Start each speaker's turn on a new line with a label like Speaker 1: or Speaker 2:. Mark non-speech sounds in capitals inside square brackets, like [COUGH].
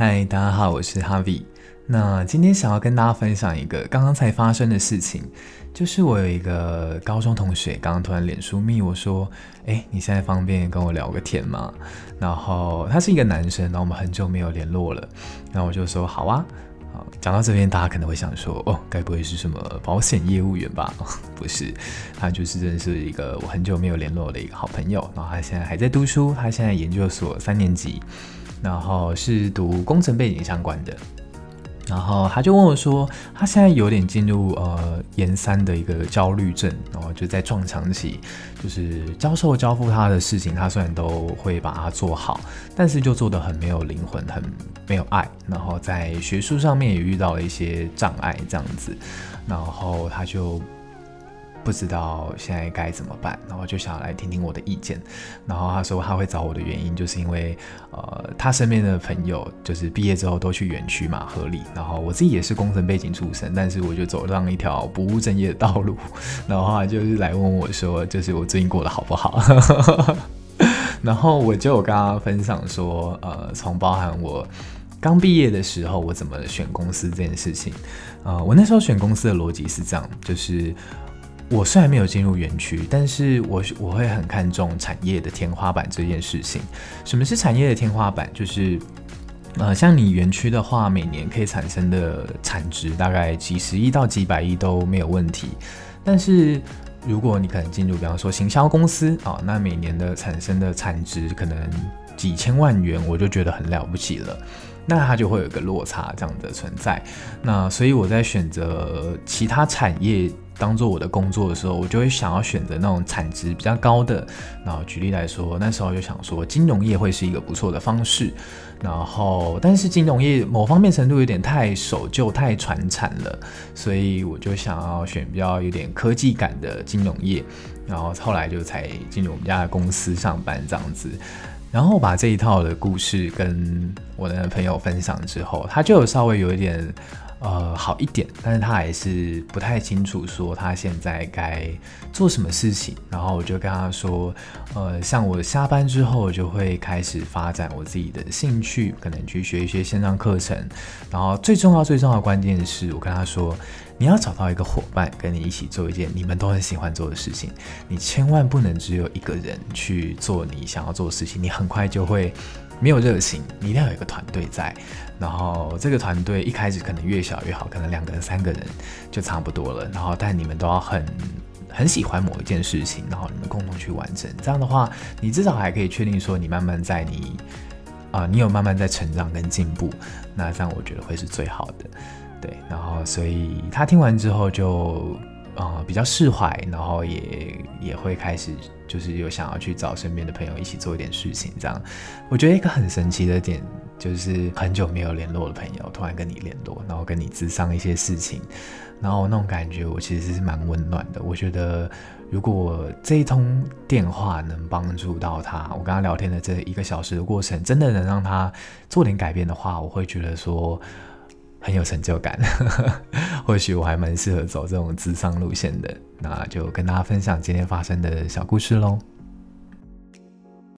Speaker 1: 嗨，Hi, 大家好，我是 Harvie。那今天想要跟大家分享一個剛剛才發生的事情，就是我有一個高中同學，剛剛突然臉書密我說，哎，你現在方便跟我聊個天嗎？然後他是一個男生，然後我們很久沒有聯絡了。然後我就說好啊。好，講到這邊，大家可能會想說，哦，該不會是什麼保險業務員吧？哦，不是，他就是真的是一個我很久沒有聯絡的一個好朋友。然後他現在還在讀書，他現在研究所三年級。然後是讀工程背景相關的，然後他就問我說，他現在有點進入呃研三的一個焦慮症，然後就在撞牆期，就是教授交付他的事情，他雖然都會把它做好，但是就做得很沒有靈魂，很沒有愛，然後在學術上面也遇到了一些障礙這樣子，然後他就。不知道現在該怎麼辦，然後就想來聽聽我的意見。然後他說他會找我的原因，就是因為呃，他身邊的朋友就是畢業之後都去園區嘛，合理。然後我自己也是工程背景出身，但是我就走上了一條不務正業的道路。然後他就是來問我說，就是我最近過得好不好？ [LAUGHS] 然後我就有跟他分享說，呃，從包含我剛畢業的時候，我怎麼選公司這件事情，呃，我那時候選公司的邏輯是這樣，就是。我雖然沒有進入園區，但是我我會很看重產業的天花板這件事情。什麼是產業的天花板？就是，呃，像你園區的話，每年可以產生的產值大概幾十億到幾百億都沒有問題。但是如果你可能進入，比方說行銷公司啊、哦，那每年的產生的產值可能幾千萬元，我就覺得很了不起了。那它就會有個落差這樣的存在。那所以我在選擇其他產業。當做我的工作的時候，我就會想要選擇那種產值比較高的。然後舉例來說，那時候就想說金融業會是一個不錯的方式。然後，但是金融業某方面程度有點太守舊、太傳產了，所以我就想要選比較有點科技感的金融業。然後後來就才進入我們家的公司上班這樣子。然後把這一套的故事跟我的朋友分享之後，他就稍微有一點。呃，好一點，但是他還是不太清楚說他現在該做什麼事情。然後我就跟他說，呃，像我下班之後，我就會開始發展我自己的興趣，可能去學一些線上課程。然後最重要、最重要的關鍵是我跟他說，你要找到一個夥伴跟你一起做一件你們都很喜歡做的事情。你千萬不能只有一個人去做你想要做的事情，你很快就會。沒有熱情，你一定要有一個團隊在。然後這個團隊一開始可能越小越好，可能兩個人、三個人就差不多了。然後，但你們都要很很喜歡某一件事情，然後你們共同去完成。這樣的話，你至少還可以確定說，你慢慢在你啊、呃，你有慢慢在成長跟進步。那這樣我覺得會是最好的。對，然後所以他聽完之後就。啊、嗯，比較釋懷，然後也也會開始，就是有想要去找身邊的朋友一起做一點事情，這樣。我覺得一個很神奇的點，就是很久沒有聯絡的朋友突然跟你聯絡，然後跟你諮商一些事情，然後那種感覺，我其實是蠻溫暖的。我覺得如果這一通電話能幫助到他，我跟他聊天的這一個小時的過程，真的能讓他做點改變的話，我會覺得說。很有成就感，呵呵，或許我還蠻適合走這種諮商路線的，那就跟大家分享今天發生的小故事嘍。